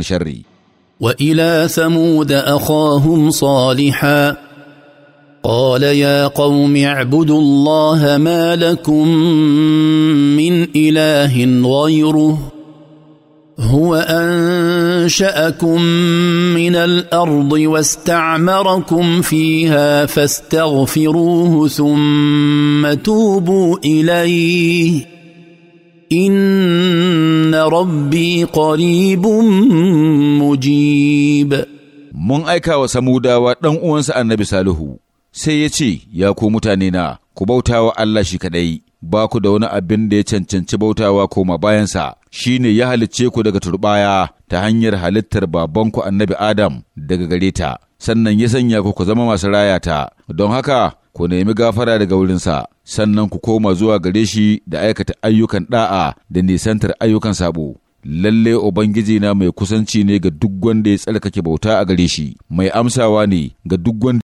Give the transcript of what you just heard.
شري والى ثمود اخاهم صالحا قال يا قوم اعبدوا الله ما لكم من اله غيره هو انشاكم من الارض واستعمركم فيها فاستغفروه ثم توبوا اليه إن ربي قريب مجيب mun aika wa samudawa ɗan uwansa annabi salihu sai ya ce ya ku mutane na ku bautawa Allah shi kaɗai ba ku da wani abin da ya cancanci bautawa koma bayansa shi ne ya halicce ku daga turbaya ta hanyar halittar babanku annabi adam daga gare ta sannan ya sanya ku ku zama masu rayata don haka ku nemi gafara daga wurinsa sannan ku koma zuwa gare shi da aikata ayyukan ɗa'a da nisantar ayyukan sabo. Lalle Ubangiji na mai kusanci ne ga duk wanda ya tsarkake bauta a gare shi, mai amsawa ne ga duk wanda